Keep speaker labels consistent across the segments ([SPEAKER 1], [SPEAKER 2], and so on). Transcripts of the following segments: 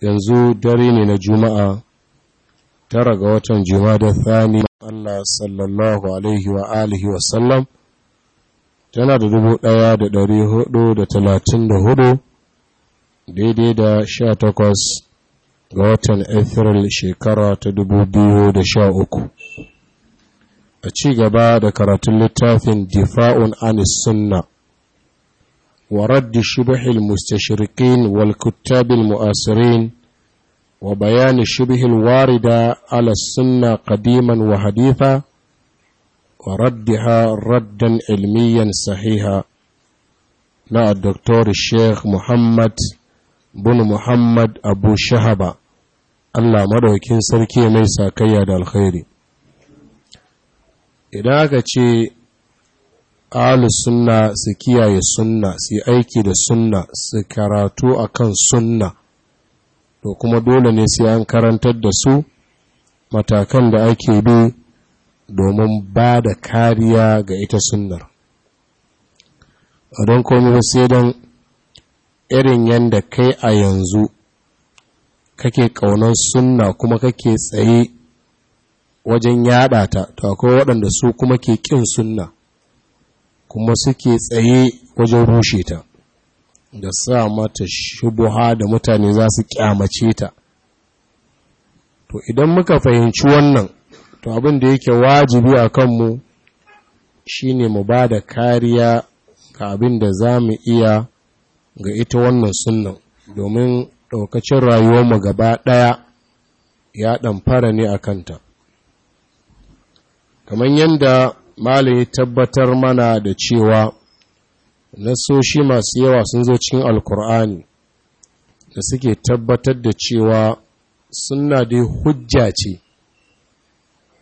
[SPEAKER 1] yanzu dare ne na juma'a tara ga watan da thani Allah sallallahu alaihi wa alihi wa sallam tana da dubu ɗaya da dari hudu da talatin da hudu daidai da sha takwas ga watan Afril shekara ta dubu da sha uku a ci gaba da karatun littafin difa'un anis sunna ورد شبه المستشرقين والكتاب المؤثرين وبيان الشبه الواردة على السنة قديما وحديثا وردها ردا علميا صحيحا نا الدكتور الشيخ محمد بن محمد أبو شهبة الله مدوكين سركي ميسا كياد الخير إذا كنت Alu sunna su kiyaye sunna su yi aiki da sunna su karatu akan sunna to kuma dole ne sai an karantar da su matakan da ake bi domin ba da kariya ga ita sunnar don komai sai don irin yadda kai a yanzu kake ƙaunar sunna kuma kake tsaye wajen yada ta to akwai waɗanda su kuma ke ƙin sunna kuma suke tsaye wajen rushe ta da sa mata shubuha da mutane za su kyamace ta to idan muka fahimci wannan to abin da yake wajibi a kanmu shine mu ba da kariya ga abin da za mu iya ga ita wannan sunan domin ɗaukacin rayuwarmu gaba ɗaya ya ɗamfara ne a kanta kamar yadda malin tabbatar mana da cewa nasoshi masu yawa sun zo cikin alkur'ani da suke tabbatar da cewa suna dai hujja ce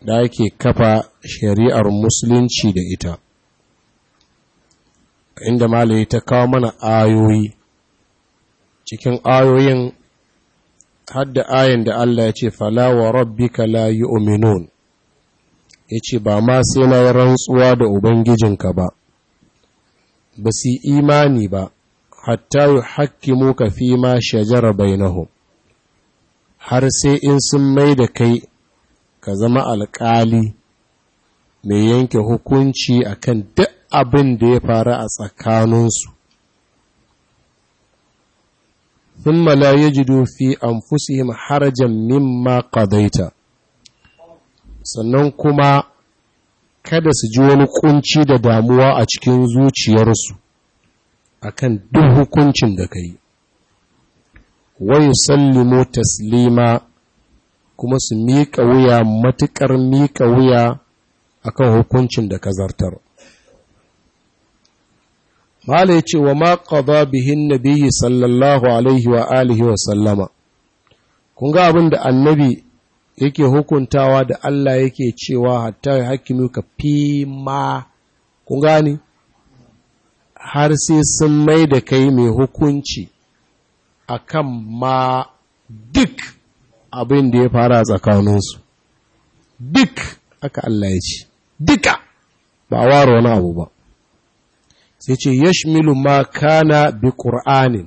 [SPEAKER 1] da ake kafa shari'ar musulunci da ita inda malaye ta kawo mana ayoyi cikin ayoyin hadda ayin da Allah ya ce fala wa rabbika la yu'minun ya ce ba ma sai na yi rantsuwa da ubangijinka ba ba su imani ba hatta yi haƙƙi muka fi ma shajara bainahu har sai in sun mai da kai ka zama alƙali mai yanke hukunci akan duk abin da ya faru a tsakaninsu sun malaye fi في أنفسهم حرجا مما sannan kuma kada su ji wani kunci da damuwa a cikin zuciyarsu akan duk hukuncin da kai wai sallimu taslima kuma su miƙa wuya matuƙar miƙa wuya akan hukuncin da ka zartar Mala ya ce wa maƙaba qada bihin nabi sallallahu alaihi wa alihi wa sallama kun ga abin da annabi yake hukuntawa da Allah yake cewa hatta ya hakimu ka fi ma kun gani har sai sun mai da kai mai hukunci akan ma duk abin da ya fara tsakaninsu duk aka Allah ya ce duka ba ware wani abu ba sai ce yashmilu ma kana bi qur'anin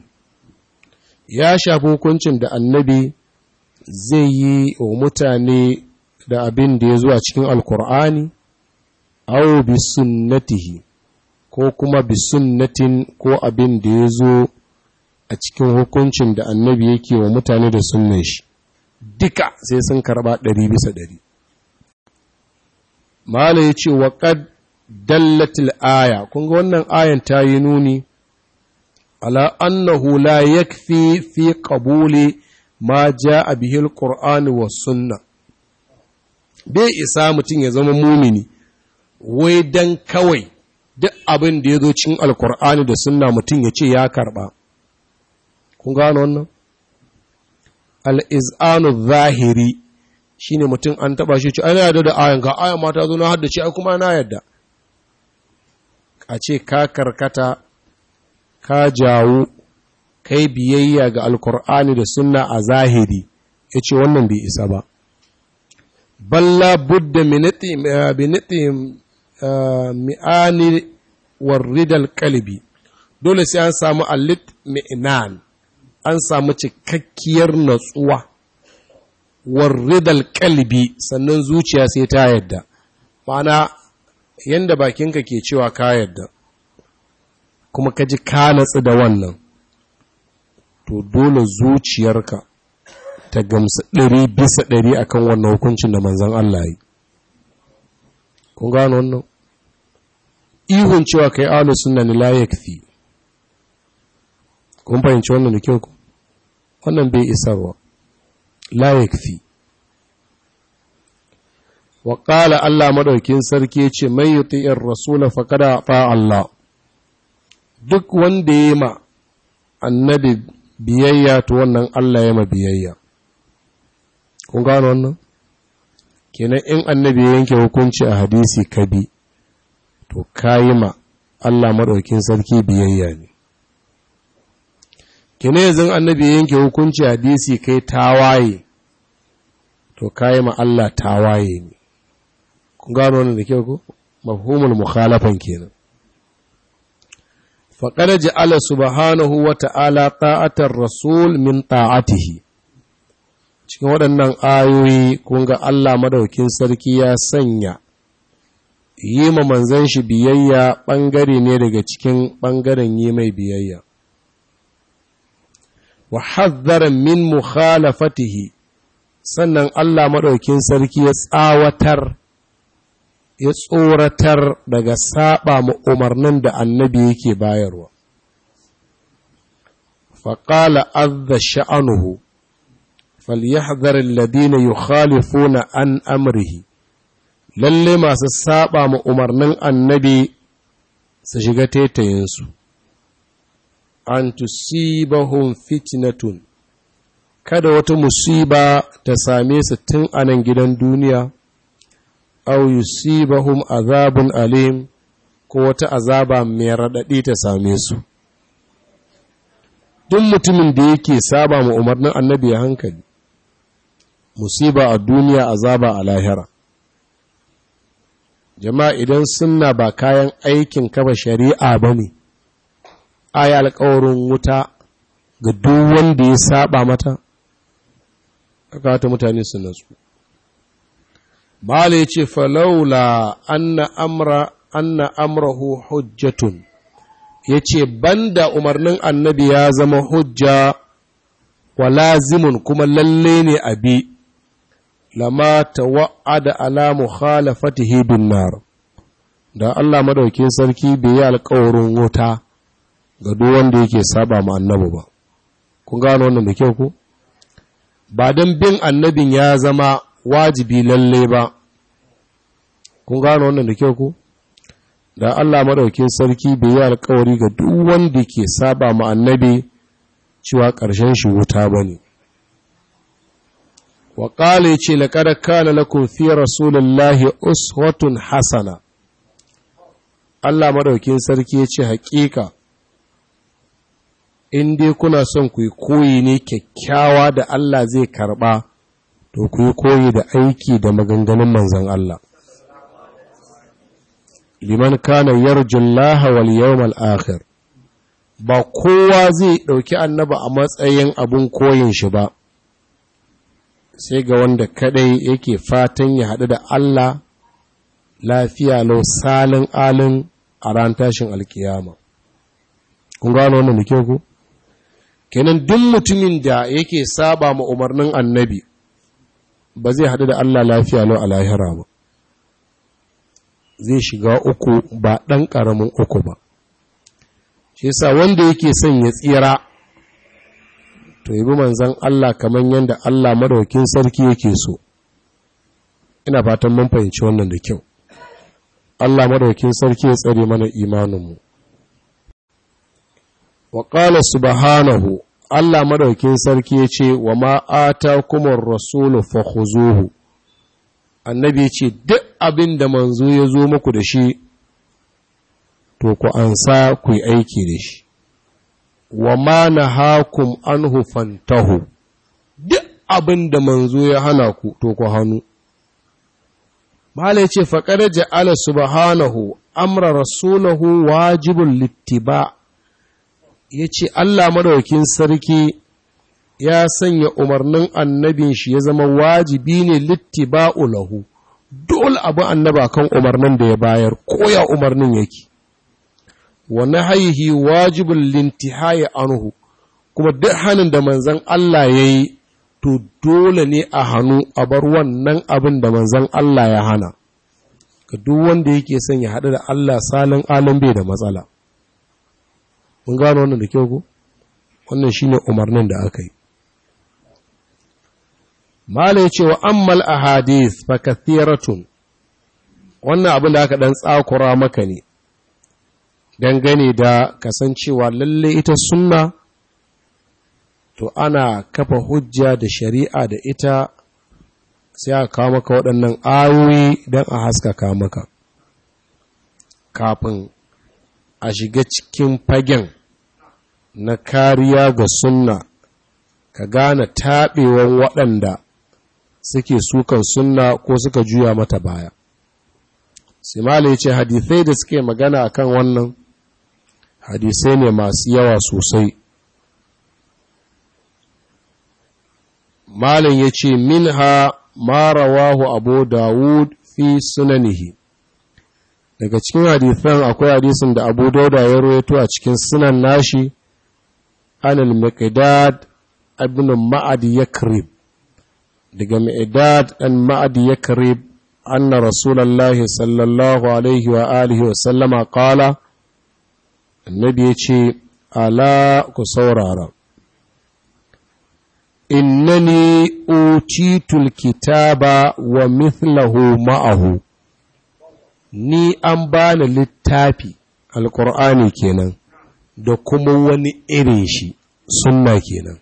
[SPEAKER 1] ya shafi hukuncin da annabi zai yi wa mutane da abin da ya zuwa cikin alkur'ani au bi sunnatihi ko kuma bi sunnatin ko abin da ya zo a cikin hukuncin da annabi yake wa mutane da sunnan shi duka sai sun karba ɗari bisa ɗari mala ya ce wa ƙad dallatil aya kun ga wannan ayan ta yi nuni ala annahu la yakfi fi qabuli ma ja a bihil ƙur'ani wa sunna bai isa mutum ya zama mumini wai dan kawai duk abin da ya zo cin alkur'ani da sunna mutum ya ce ya karɓa kun gano wannan al'iz'anu zahiri shi ne mutum an taɓa shi ce ana yadda da ayan ga ayan mata zo na haddace ai kuma na yadda a ce ka karkata ka jawo kai biyayya ga alkur'ani da sunna a zahiri ya ce wannan bai isa ba balla budda miniti eh, mi'ani warridal kalbi dole sai an samu alit mi'nan an samu cikakkiyar natsuwa warridal kalbi sannan zuciya sai ta yadda ma'ana yadda bakinka ke cewa ka yadda kuma ka ji ka natsu da wannan to dole zuciyarka ta gamsu ɗari bisa ɗari akan wannan hukuncin da manzan Allah yi kun gano wannan ihun cewa kai alu suna ni la yakfi kun fahimci wannan da kyau wannan bai isarwa la yakfi wa ƙala Allah madaukin sarki ce mai yi yuti'ir rasula faƙada ata Allah duk wanda ya yi ma annabi biyayya ta wannan Allah ya ma biyayya kun gano wannan kenan in annabi ya yanke hukunci a hadisi ka bi to kayi ma Allah maɗaukin sarki biyayya ne kenan yanzu annabi ya yanke hukunci a hadisi kai tawaye to kayi ma Allah tawaye ne kun gano wannan da kyau ko mafhumul mukhalafan kenan faƙar ala subhanahu wa ta'ala ta'atar rasul min ta'atihi cikin waɗannan ayoyi kun ga Allah madaukin sarki ya sanya yi ma manzan shi biyayya ɓangare ne daga cikin ɓangaren yi mai biyayya wa hazzara min mukhalafatihi sannan Allah maɗaukin sarki ya tsawatar ya tsoratar daga saba ma umarnin da annabi yake bayarwa faƙala azza sha'anuhu فليحذر الذين na an أمره lalle masu saba ma umarnin annabi su shiga tetayensu. an tusibahum fitnatun kada wata musiba ta same su tun anan gidan duniya aw yusibahum azabun alim ko wata azaba mai raɗaɗi ta same su duk mutumin da yake saba ma umarnin annabi ya hankali musiba a duniya azaba a lahira jama'a idan sunna ba kayan aikin kafa shari'a ba ne ayi alkawarin wuta ga duk wanda ya saba mata aka mutane su natsu Bala ya ce, Falaula anna amra amrahu hujjatun, ya ce, Banda umarnin annabi ya zama hujja wa lazimun kuma lalle ne a bi, lama ta ala mukhalafatihi bin nar. Da Allah madaukin sarki bai yi alkawarin wuta ga duk wanda yake saba ma annabi ba. Kun gano wannan da kyau ku? Ba don bin annabin ya zama wajibi lalle ba kun gano wannan da kyau ku da Allah madaukin sarki bai yi alkawari ga duk wanda ke saba ma annabi cewa ƙarshen shi wuta bane wa qala yace laqad kana lakum fi rasulillahi uswatun hasana Allah madaukin sarki yace hakika in dai kuna son ku yi koyi ne kyakkyawa da Allah zai karba to ku yi koyi da aiki da maganganun manzan Allah liman kana yarjullaha wal yawmal akhir ba kowa zai ɗauki annaba a matsayin abun koyin shi ba sai ga wanda kaɗai yake fatan ya haɗu da Allah lafiya lau salin alin a ran tashin alkiyama kun gano wannan muke ku kenan duk mutumin da yake saba ma umarnin annabi ba zai haɗu da Allah lafiya lau a lahira ba zai shiga uku ba ɗan ƙaramin uku ba shi sa wanda yake son ya tsira to yi bi manzan Allah kamar yadda Allah madaukin sarki yake so ina fatan mun fahimci wannan da kyau Allah madaukin sarki ya tsare mana imaninmu wa qala subhanahu Allah madaukin sarki ya ce wa ma'ata kuma rasulu fahuzuhu annabi ya ce duk abin da manzo ya zo muku da shi to ku ansa ku yi aiki da shi wa ma na hakum an hufantahu duk abin da manzo ya hana ku to ku hannu ya ce faƙar ja'ala subhanahu amra rasulahu wajibul littiba ya ce Allah madaukin sarki ya sanya umarnin annabin shi ya zama wajibi ne littiba'u lahu dole abu annaba kan umarnin da ya bayar koya umarnin yake haihi wajibin linti lintihai anhu kuma duk hannun da manzon Allah ya yi, to dole ne a hannu a bar wannan abin da manzon Allah ya hana ka duk wanda yake son ya haɗu da Allah salin alam bai da matsala mun gano wannan da kyau ko wannan shine umarnin da aka yi ya ce wa ammal ahadith fa kathiratun wannan abin da aka dan tsakura maka ne dangane da kasancewa lalle ita sunna to ana kafa hujja da shari'a da ita sai a kawo maka waɗannan ayoyi don a haskaka maka kafin a shiga cikin fagen na kariya ga sunna ka gane taɓewan waɗanda suke sukan sunna ko suka juya mata baya simali ce hadisai da suke magana akan wannan hadisai ne masu yawa sosai malin ya ce min ha marawahu abu dawud fi sunanihi daga cikin hadisan akwai hadisin da abu dauda ya roeto a cikin sunan nashi anil miqdad ibn ma'ad daga miqdad an ma'ad yakrib anna rasulullahi sallallahu alaihi wa alihi wa sallama qala annabi yace ala ku saurara innani utitul kitaba wa mitlahu ma'ahu ni an bani littafi Alƙur'ani kenan da kuma wani irin shi sunna kenan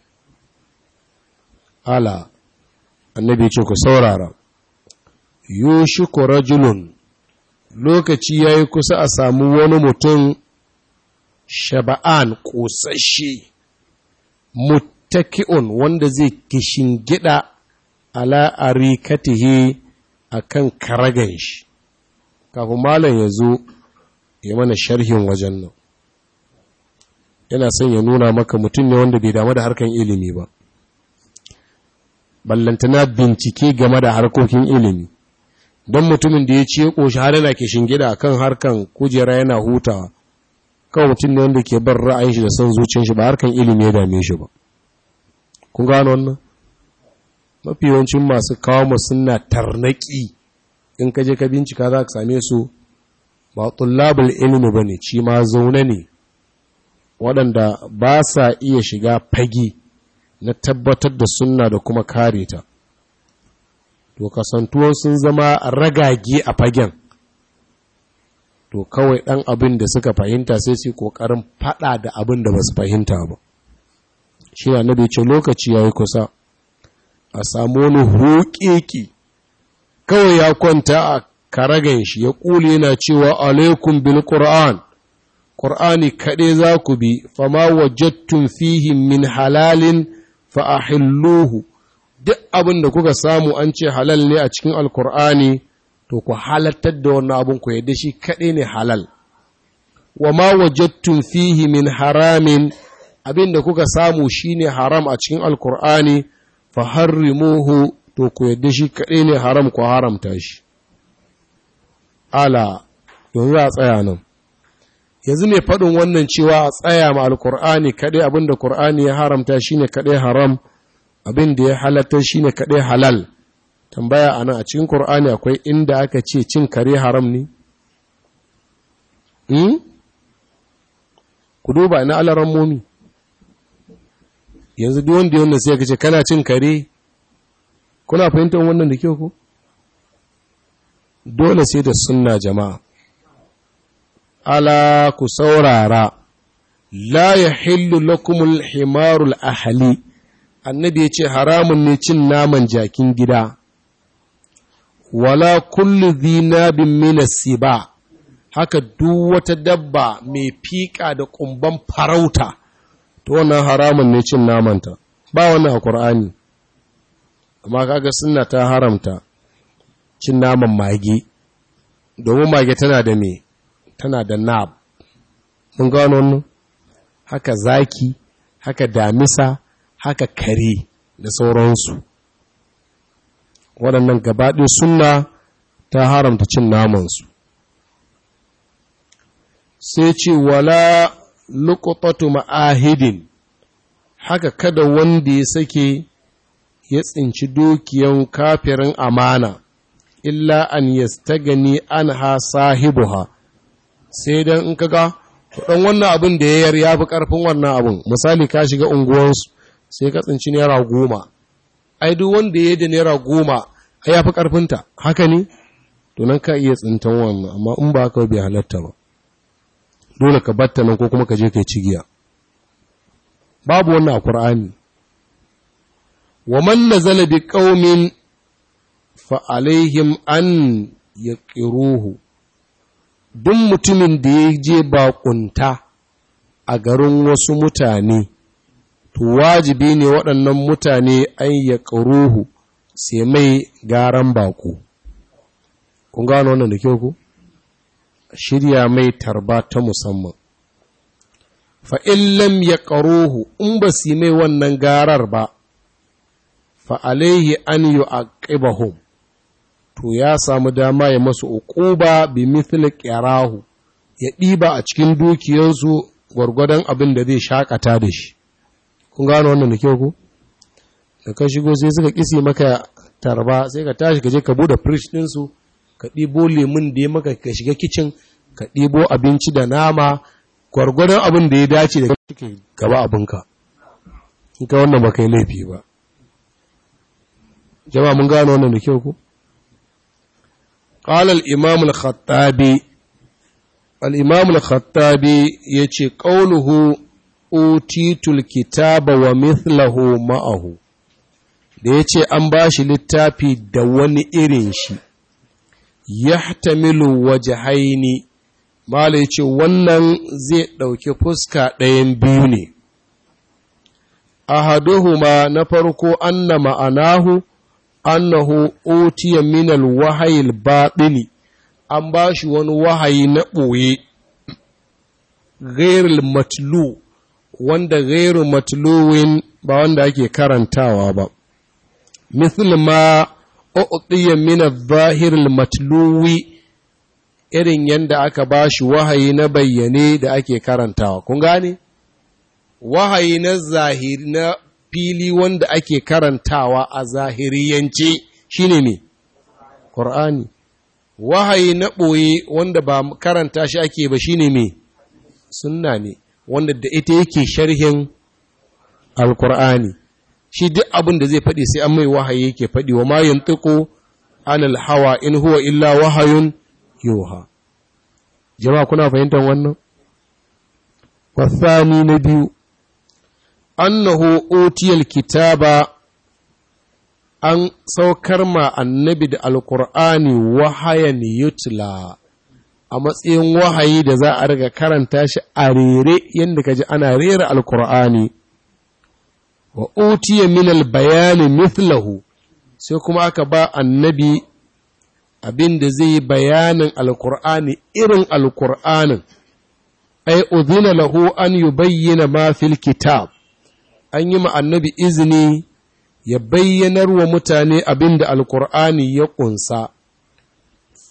[SPEAKER 1] ala annabi ce ku saurara yushiku rajulun lokaci ya yi kusa a samu wani mutum shaba'an kosashe mutakiun wanda zai kishin gida ala arikatihi akan karagan shi kafin malam ya zo ya mana sharhin wajen nan yana son ya nuna maka mutum ne wanda bai damu da harkar ilimi ba ballantana bincike game da harkokin ilimi don mutumin da ya ce ya ƙoshi har yana ke gida kan harkan kujera yana hutawa kan mutum ne wanda ke bar ra'ayin shi da son zuciyar shi ba harkan ilimi ya dame shi ba kun gano wannan mafi yawancin masu kawo mu suna tarnaki in ka je ka bincika za ka same su ba tullabul ba ne ci ma zaune ne waɗanda ba sa iya shiga fage na tabbatar da sunna da kuma kare ta to kasantuwan sun zama ragage a fagen to kawai ɗan abin da suka fahimta sai su ƙoƙarin faɗa da abin da ba su fahimta ba shi na nabi ce lokaci ya yi kusa a samu wani hukiki kawai ya kwanta a karagan shi ya ƙule yana cewa alaikum bil qur'an ƙur'ani kaɗai za ku bi fama wajattun fihi min halalin fa'ahilluhu duk abin da kuka samu an ce halal ne a cikin alƙur'ani to ku halattar da wannan abin ku yadda shi kaɗai ne halal wa ma wajattun fihi min haramin abin da kuka samu shine haram a cikin alkur'ani fa harrimuhu to ku yadda shi kaɗai ne haram ku haramta shi ala yanzu a tsaya nan yanzu ne faɗin wannan cewa a tsaya ma alkur'ani kaɗai abin da ƙur'ani ya haramta shine kaɗai haram abin da ya halatta shine kaɗai halal tambaya ana a cikin ƙur'ani akwai inda aka ce cin kare haram ne hmm? ku duba ina alaran momi yanzu duk wanda wannan sai ka ce kana cin kare kuna fahimtar wannan da kyau ko dole sai da sunna jama'a ala ku saurara, la ya hillu lakumul himarul ahali, annabi ya ce haramun ne cin naman jakin gida, wala kullu zinabin minasi ba, haka duk wata dabba mai fiƙa da ƙumban farauta, to wannan haramun ne cin namanta, ba wannan a ƙur'ani, amma kaga suna ta haramta cin naman mage, domin mage tana da mai tana da nab mun gano haka zaki haka damisa haka kare da sauransu waɗannan gabaɗe suna ta haramta cin namansu sai ce wala lukutatu ma'ahidin haka kada wanda ya sake ya tsinci dukiyan kafirin amana illa an yastagani an ha sahibuha sai dan in kaga dan wannan abin da yayar ya fi karfin wannan abin misali ka shiga unguwansu sai ka tsinci naira goma ai duk wanda ya da naira goma ai ya fi karfinta haka ne to nan ka iya tsintan wannan amma in ba ka bi halatta ba dole ka batta nan ko kuma ka je kai cigiya babu wannan a Qur'ani wa man nazala bi qaumin fa alaihim an yaqiruhu duk mutumin da ya je bakunta a garin wasu mutane to wajibi ne waɗannan mutane an yi ƙaruhu sai mai garan baƙo. kun gano wannan da kyau ku shirya mai tarba ta musamman Fa lam ya ƙaruhu in ba su mai wannan garar ba Fa an yi a ƙibahun to ya samu dama ya masu uquba bi mithli qirahu ya ɗiba a cikin dukiyansu gwargwadon abin da zai shakata da shi kun gano wannan da kyau ku da ka shigo sai suka kisi maka tarba sai ka tashi ka je ka bude fridge ɗinsu ka ɗibo lemon da ya maka ka shiga kicin ka ɗibo abinci da nama gwargwadon abin da ya dace da kake gaba abinka in ka wannan ba kai laifi ba jama'a mun gano wannan da kyau ku قال الإمام الخطابي الإمام الخطابي يتي قوله أوتيت الكتاب ومثله معه da ya ce an ba shi littafi da wani irin shi yahtamilu haini. mala ce wannan zai ɗauki fuska ɗayan biyu ne ahaduhuma na farko anna ma'anahu annahu utiya min alwahayil batini an bashi wani wahayi na ɓoye ghairul matlu wanda ghairu matluwin ba wanda ake karantawa ba misal ma uqtiya min adh-dhahir matluwi irin yanda aka bashi wahayi na bayyane da ake karantawa kun gane wahayi na zahiri na fili wanda ake karantawa a zahiriyance shine ne Qur'ani wahayi na ɓoye wanda ba karanta shi ake ba shine ne sunna ne wanda da ita yake sharhin alkur'ani shi duk abin da zai faɗi sai an mai wahayi yake faɗi wa ma tuko an hawa in huwa illa wahayun yuha jama'a kuna fahimtar wannan wasani na biyu An annahu otiyal kitaba an saukar ma annabi da alkur'ani wahayan yutla a matsayin wahayi da za a riga karanta shi a rere yadda ka ji ana rera alkur'ani wa utiya min bayani mithlahu sai kuma aka ba annabi abin da zai yi bayanin alkur'ani irin alkur'anin ai udhina lahu an yubayyana bayyana fil kitab an yi ma annabi izini ya bayyanar wa mutane abin da Alƙur'ani ya ƙunsa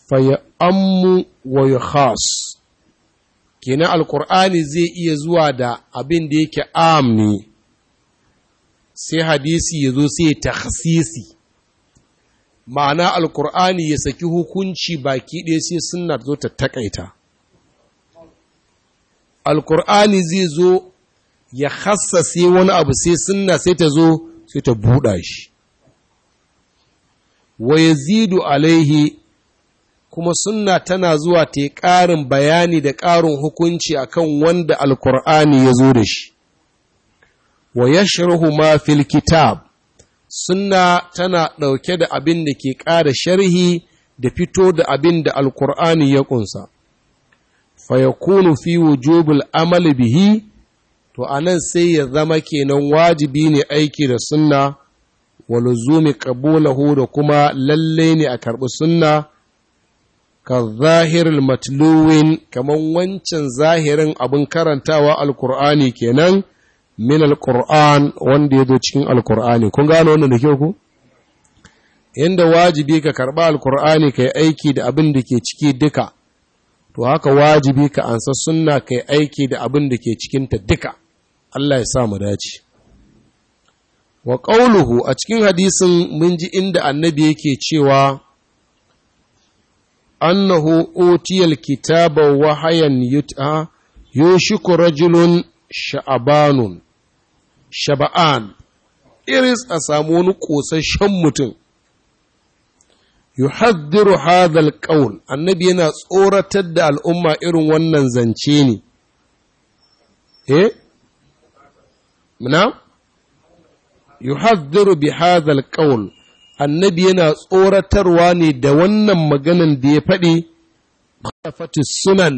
[SPEAKER 1] faya ammu wa khas kenan alkur'ani zai iya zuwa da abin da yake amni sai hadisi ya zo sai takhsisi ma'ana Alƙur'ani ya saki hukunci baki ɗaya sai sunna zo ta takaita alkur'ani zai zo ya hassase wani abu sai sunna sai ta zo sai ta buɗa shi wa yazidu alaihi kuma sunna tana zuwa ta yi ƙarin bayani da ƙarin hukunci akan wanda alkur'ani ya zo da shi wa yashruhu ma fil kitab sunna tana ɗauke da abin da ke ƙara sharhi da fito da abin da alkur'ani ya ƙunsa fa fi wujubul amali bihi to a nan sai ya zama kenan wajibi ne aiki da sunna wa luzumi qabulahu da kuma lalle ne a karɓi sunna ka zahirin matluwin kamar wancan zahirin abin karantawa alkur'ani kenan min alkur'an wanda ya zo cikin alkur'ani kun gano wannan da kyau ku Inda wajibi ka karɓi alkur'ani ka yi aiki da abin da ke ciki duka to haka wajibi ka ansa sunna ka yi aiki da abin da ke cikinta duka Allah ya sa mu dace wa qauluhu a cikin hadisin mun ji inda annabi yake cewa annahu utiyal kitaba wa hayan yut'a yushiku rajulun sha'abanun shaba'an iris a samu wani ƙosashen mutum yuhaddiru hadhal qaul annabi yana tsoratar da al'umma irin wannan zance ne eh na yuhadhdhiru bi hadhal annabi yana tsoratarwa ne da wannan maganan da ya faɗi khafatu sunan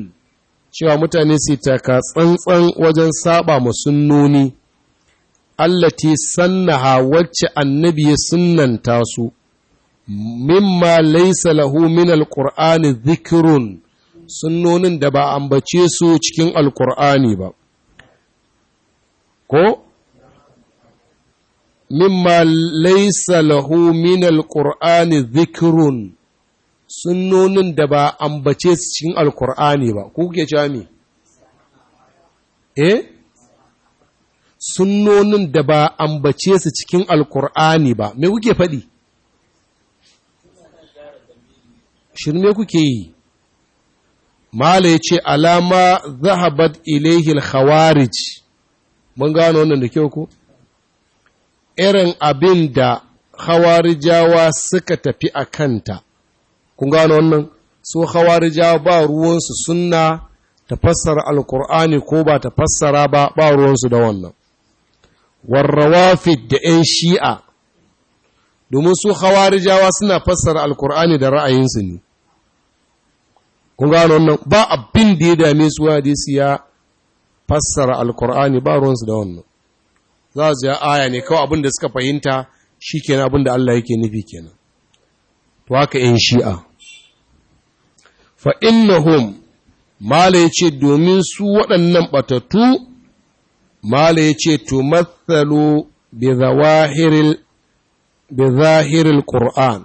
[SPEAKER 1] cewa mutane su taka tsantsan wajen saba ma sunnoni allati sannaha wacce annabi ya sunanta su mimma laysa lahu min Alƙur'ani dhikrun sunnonin da ba ambace su cikin Alƙur'ani ba ko mimma laisa lahu min alqur'ani dhikrun sunnonin da ba ambace su cikin alqur'ani ba ku ke cewa me eh sunnonin da ba ambace su cikin alqur'ani ba me kuke faɗi Shin me kuke yi mala ya ce alama zahabat ilaihil khawarij mun gano wannan da kyau ko irin abin da hawarijawa suka tafi a kanta, kun gano wannan, so hawarijawa ba ruwansu suna ta fassara alkur'ani ko ba ta fassara ba ba ruwansu da wannan. Warrawafid da ‘yan shi'a, domin su hawarijawa suna fassara alkur'ani da ra'ayinsu ne. Kun gano wannan, ba abin da ya dame su hadisi ya fassara alkur'ani ba ruwansu da wannan. za su ya aya ne kawai abin da suka fahimta shi kenan abin da Allah yake nufi kenan to haka ‘yan shi'a fa innahum mala ya ce domin su waɗannan ɓatattu mala ya ce to matsalo bi zahiril ƙur'an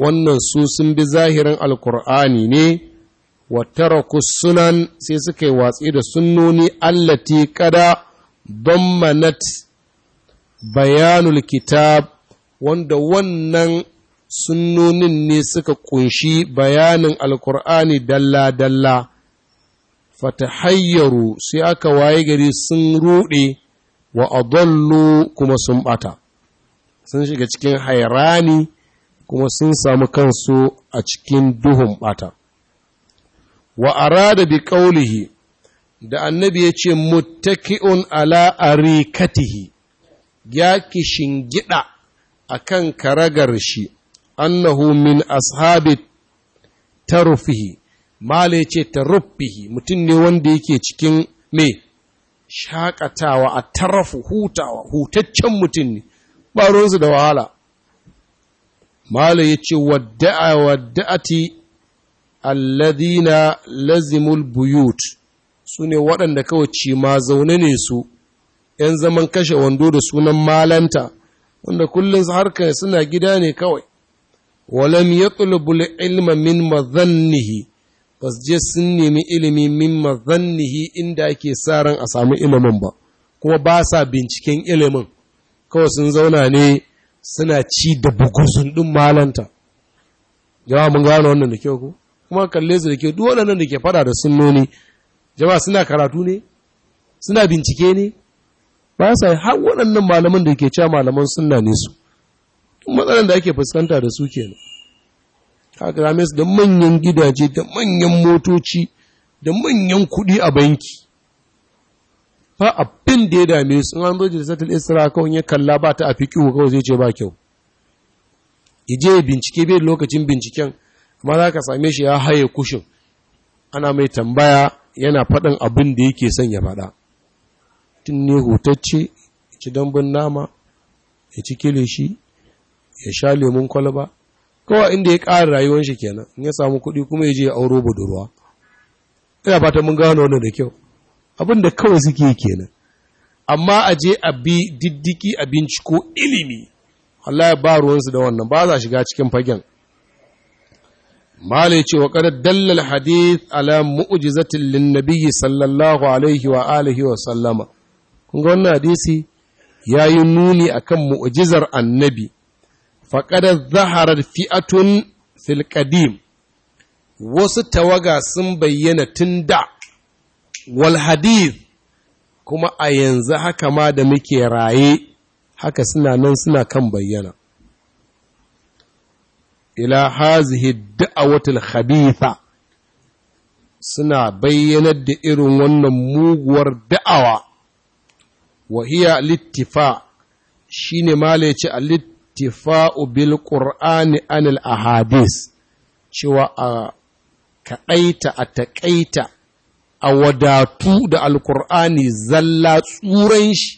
[SPEAKER 1] wannan su sun bi zahirin alƙur'ani ne wa ku sunan sai suka yi watsi da sunnoni allati kada don manat bayanul kitab wanda wannan sunnonin ne suka kunshi bayanin alkur'ani dalla-dalla fatahayyaru sai aka waye gari sun ruɗe wa adallu kuma sun ɓata sun shiga cikin hairani kuma sun samu kansu a cikin duhun ɓata wa arada bi ƙaulihi da annabi ya ce muttaki'un ala arikatihi ya ki shingida a kan karagar shi, annahu min ashabi tarufihi, male ce tarufihi, mutum ne wanda yake cikin me shakatawa a tarafu hutawa, hutaccen mutum ne, su da wahala. Mala ya ce, wadda'a wadda'ati alladhina lazimul buyut su ne waɗanda kawai ci ma zaune ne su 'yan zaman kashe wando da sunan malanta wanda kullum harka suna gida ne kawai walam ya tulubul ilma min mazannihi ba je sun nemi ilimi min mazannihi inda ake sa ran a samu ilimin ba kuma ba sa binciken ilimin kawai sun zauna ne suna ci da bugusun ɗin malanta Jawa mun gano wannan da kyau ku, kuma kalle su da kyau duk waɗannan da ke fada da sunnoni jama'a suna karatu ne suna bincike ne ba sa har waɗannan malaman da ke cewa malaman sunna ne su matsalar da ake fuskanta da su kenan haka rame su da manyan gidaje da manyan motoci da manyan kuɗi a banki ba abin da ya dame su an zo satin isra kawai ya kalla ba ta a fiƙi kawai zai ce ba kyau ije bincike bai lokacin binciken amma za ka same shi ya haye kushin ana mai tambaya yana faɗin abin da yake son ya faɗa mutum ne hutacce ya ci dambun nama ya ci kilishi ya sha lemun kwalaba? kawa inda ya ƙara rayuwar shi kenan in ya samu kuɗi kuma ya je ya auro budurwa ina fata mun gano wannan da kyau abin da kawai suke kenan amma a je a bi diddiki a ko ilimi Allah ya ba ruwansu da wannan ba za a shiga cikin fagen ya ce wa kada dallal hadith ala mu'jizatin lin nabiyyi sallallahu alaihi wa alihi wa sallama kun ga wannan hadisi ya yi nuni a kan mu'ujizar annabi faƙadar zaharar fi'atun filƙadim wasu tawaga sun bayyana tun da wal kuma a yanzu haka ma da muke raye haka suna nan suna kan bayyana ila hazihi da'awatul khabitha suna bayyanar da irin wannan muguwar da'awa wa hiya littifa shine mala ce littifa bil qur'ani anil ahadis cewa a kaɗaita a taƙaita a wadatu da alkur'ani zalla tsuran shi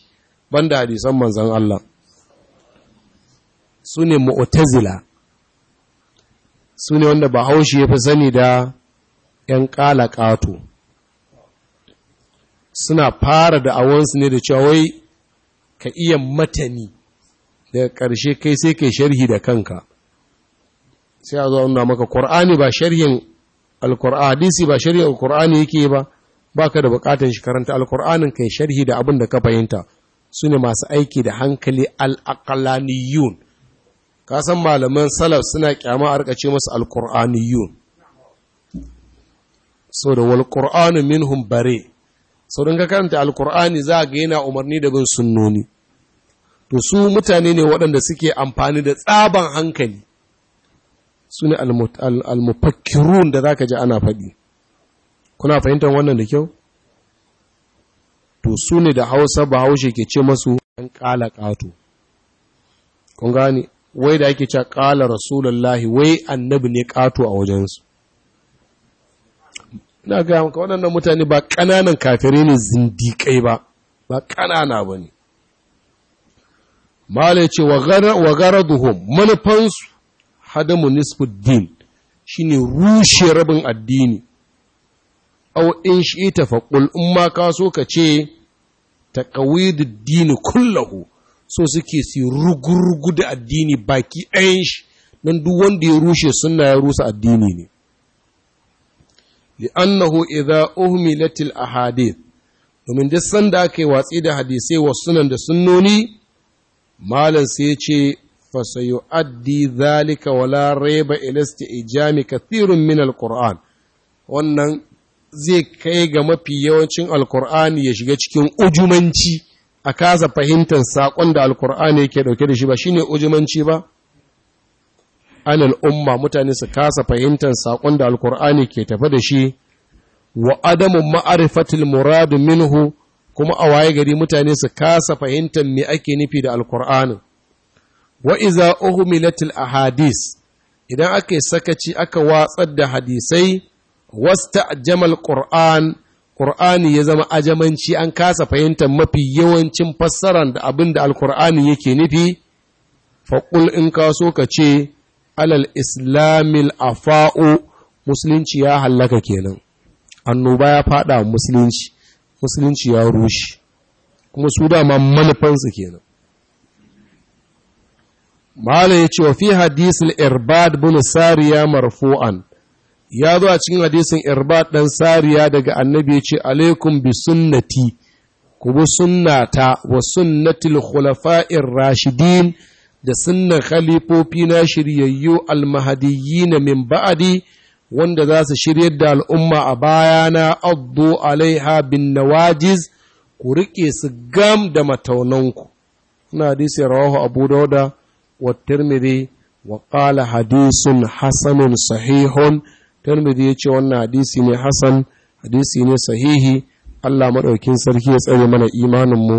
[SPEAKER 1] banda hadisan manzan Allah su ne mu'tazila su ne wanda bahaushe ya fi sani da ‘yan ƙala ƙato suna fara da awansu ne da cewa ka iya matani daga ƙarshe kai sai kai sharhi da kanka sai a zo nuna maka ƙur'ani ba sharhin alƙur'ani hadisi ba sharhin alƙur'ani yake ba ka da buƙatar shi karanta alƙur'anin kai sharhi da abin da ka fahimta su ne masu aiki da hankali al'aqlaniyun ka san malaman salaf suna kyama a rikace masu alƙur'aniyun so da wal min minhum bare sau don ka alkur'ani za a ga yana umarni da bin sunnoni to su mutane ne waɗanda suke amfani da tsaban hankali su ne almufakirun da za ka ji ana faɗi kuna fahimtar wannan da kyau to su ne da hausa ba haushe ke ce masu an ƙala ƙato kun gane wai da ake ce ƙala rasulullahi wai annabi ne ƙato a wajensu ina gaya maka waɗannan mutane ba ƙananan kafirai ne zindiƙai ba ba ƙanana ba ne mala ce wa garaduhum manufansu din shi shine rushe rabin addini au in shi ta faƙul in ma ka so ka ce ta da dini kullahu so suke su rugurugu da addini baki ɗayan shi don duk wanda ya rushe suna ya rusa addini ne li'annahu idza uhmilatil ahadith domin duk sanda aka yi watsi da hadisai wa sunan da sunnoni malam sai ya ce fasayu'addi zalika wala raiba ila ijami kathirun min alquran wannan zai kai ga mafi yawancin alkur'ani ya shiga cikin ujumanci a kasa fahimtar saƙon da alkur'ani yake ɗauke da shi ba shine ujumanci ba Alal umma mutane su kasa fahimtar saƙon da alkur'ani ke tafi da shi wa adamu ma'arifatil muradu minhu kuma a waye gari mutane su kasa fahimtar me ake nufi da alkur'ani wa iza uhmilatil ahadis idan aka sakaci aka watsar da hadisai wasta jamal qur'an qur'ani ya zama ajamanci an kasa fahimtar mafi yawancin fassaran da abin da alkur'ani yake nufi faƙul in ka so ka ce alal islamil afa'o musulunci ya hallaka kenan annoba ya fada musulunci musulunci ya rushe kuma su dama manufansu kenan Malam ya ce wa fi hadisul Irbad bin Sariya marfu'an, ya zo a cikin hadisin Irbad ɗan Sariya daga annabi ya ce, Alaikum bi sunnati, ku bi sunnata wa sunnatul khulafa'ir rashidin da sunnan khalifofi na shiryayyu almahadiyyina min ba'adi wanda za su shiryar da al'umma a bayana na alaiha bin nawajiz ku riƙe su gam da mataunanku ina hadisi rawahu abu dauda wa tirmidhi wa qala hadisun hasanun sahihun tirmidhi yace wannan hadisi ne hasan hadisi ne sahihi Allah madaukin sarki ya tsare mana imanin mu